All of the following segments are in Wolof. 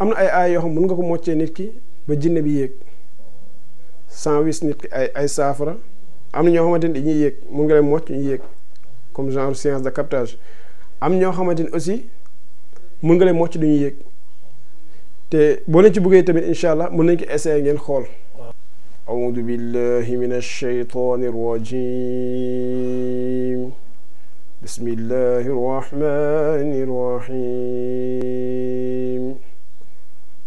am na ay aay yoo xam mun nga ko moccee nit ki ba jinne bi yéeg sans wis nit ki ay ay saafara am na ñoo xamante ni dañuy yéeg mun nga leen mocc ñu yéeg comme genre séance de captage am ñoo xamante ni aussi mun nga leen mocc du ñu yéeg te boo leen ci buggee tamit incha allah mun nañ ko essayer ngeen xool. أعوذ بالله من الشيطان الرجيم بسم الله الرحمن الرحيم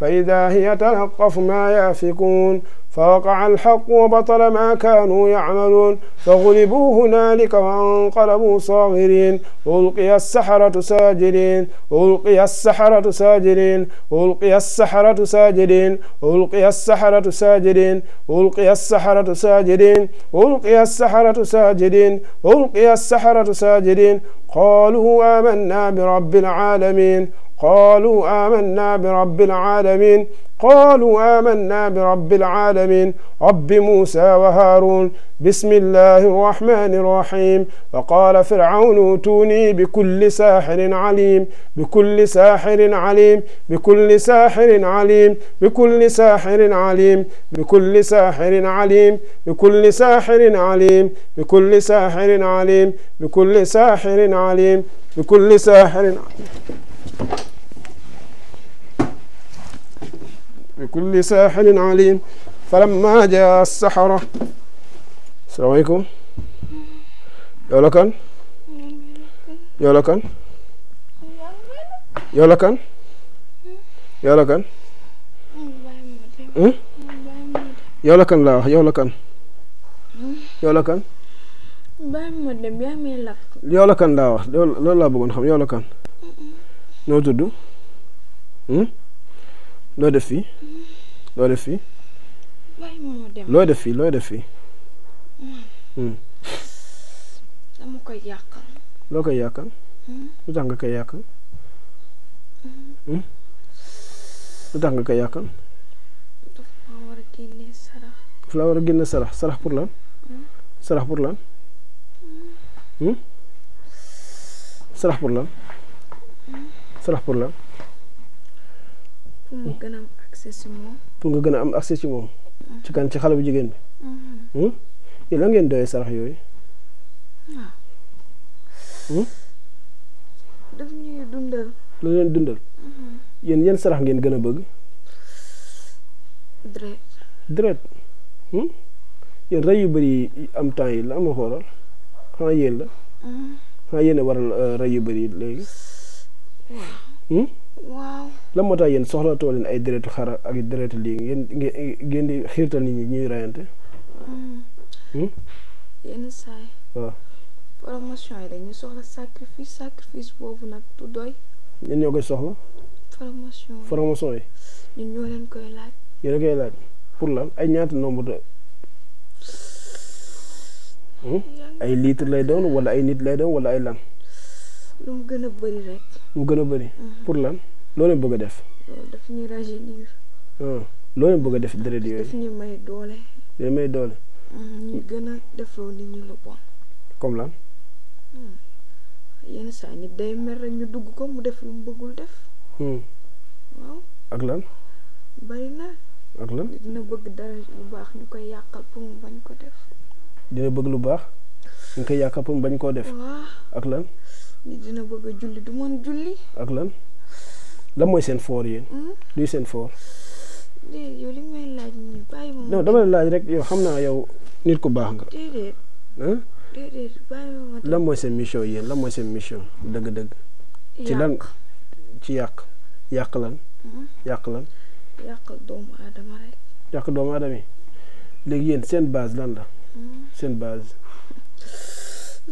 فإذا هي تلقف ما يافكون فوقع الحق وبطل ما كانوا يعملون فغلبوا هنالك وانقلبوا صاغرين ألقي السحرة ساجدين ألقي السحرة ساجدين ألقي السحرة ساجدين ألقي السحرة ساجدين ألقي السحرة ساجدين ألقي السحرة ساجدين ألقي السحرة ساجدين قالوا آمنا برب العالمين قالوا آمنا برب العالمين قالوا آمنا برب العالمين رب موسى وهارون بسم الله الرحمن الرحيم وقال فرعون اتوني بكل ساحر عليم بكل ساحر عليم بكل ساحر عليم بكل ساحر عليم بكل ساحر عليم بكل ساحر عليم بكل ساحر عليم بكل ساحر عليم بكل ساحر عليم بكل ساحر عليم فلما جاء السحرة السلام عليكم يا لكن يا لكن يا لكن يا لكن يا لكن لا يا لكن يا لكن يا لكن لا لا لا بقول خم يا لكن yow la kan loo def fii loo def fii loo def fii loo def fii hmm. Hmm. dama koy yàqal loo koy yàqal hmm? lu tax nga koy yàqal lu tax nga koy yàqal daf la war a génne sarax sarax pour lan sarax pour lan sarax pour lan sarax pour lan pour mu gën am accès ci moom. pour nga gën a am accès ci moom. ci kan ci xale bu jigéen bi. yow la ngeen doyee sarax yooyu. daf ñuy dundal. la leen dundal. yéen yan sarax ngeen gën a bëgg. dret. dret. yéen rey yu bëri am temps yi la ama xooral xanaa yéen la. xanaa hmm. yéen a waral eh, rey yu bëri lan moo tax yéen soxlatoo leen ay deretu xara ak deretu lii ngeen ngeen di xiirtal nit ñi ñuy rayante. Mm. Hmm? yenn saa yi. waaw formation soxla sacrifice yi formation ñoo leen koy laaj. yéen a koy laaj pour lan ay ñaata nombre de. Hmm? ay litre lay doon wala ay nit lay doon wala ay lan. lu mu gën a bëri mm-hmm. pour lan. loo bëgg a def. daf ñuy rajeunir. Ah, loo bëgg a def dërët yooyu. daf ñu may doole. day may doole. Mm-hmm, ñu gën a defloo nit ñi lu bon. comme lan. Hmm. yenn saa nit day mer rek ñu dugg ko mu def lu mu bëggul def. Hmm. ak lan. bari na. ak lan dina bëgg dara lu baax ñu koy yàqal pour mu bañ ko def. dina bëgg lu baax. ñu koy yàqal pour bañ koo def. ak lan. nit dina bëgg julli du mën julli. ak lan. lan mooy seen foor yéen. Hmm? luy seen foor. déedéet yow dama la laaj rek yow xam naa yow nit ku baax nga. déedéet. mooy seen mission yéen la mooy seen mission dëgg-dëgg. ci lan ci yàq yàq lan. Hmm? yàq lan. yàq doomu aadama rek. yàq doomu aadama léegi yéen seen baas lan la. Hmm? seen base.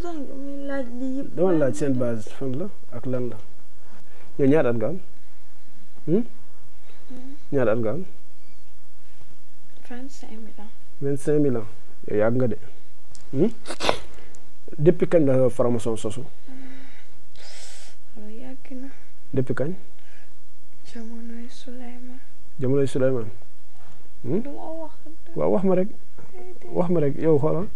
dama laaj seen baas fan la ak lan la. ñoo ñaar at nga Hm, ñaata at nga am. vingt cinq nga de. depuis quand la franc soso? sosu. waaw depuis quand? jamonoy Souleymane. jamonoy Souleymane. du ma wax. waaw wax ma rek. Hmm? wax ma rek yow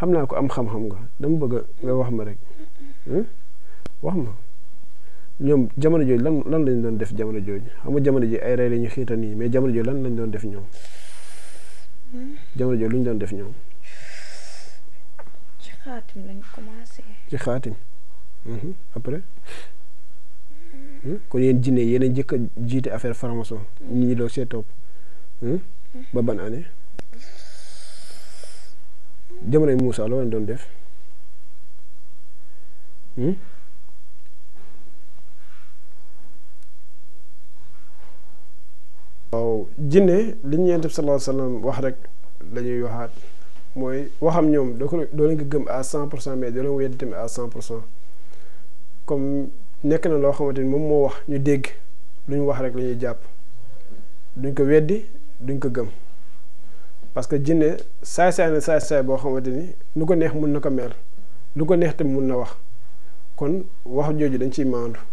am xam-xam nga dama bëgg nga wax ma rek. wax ñoom jamono jooju lan lan lañ doon def jamono jooju xam nga jamono ji ay la ñu xiitan nii mais jamono jooju lan lañ doon def ñoom hmm? jamono jooju lu ñu doon def ñoom. ci xaatim lañ mhm. hmm. hmm? kon yéen jinne yéen a njëkk jiite affaire franc-maçon nit ñi doog see topp ba ban année jamonoy Moussa la woon doon def jinne li ñu yonent bi wax rek lañuy waxaat mooy waxam ñoom doo ko doo leen ko gëm à cent pour cent mais doo leen weddi tamit à cent pour cent comme nekk na loo xamante ni moom moo wax ñu dégg lu ñu wax rek la ñuy jàpp duñ ko weddi duñ ko gëm parce que jinne saay-saay na saay-saay boo xamante ni lu ko neex mun na ko mel lu ko neex tamit mun na wax kon wax jooju dañ ciy maandu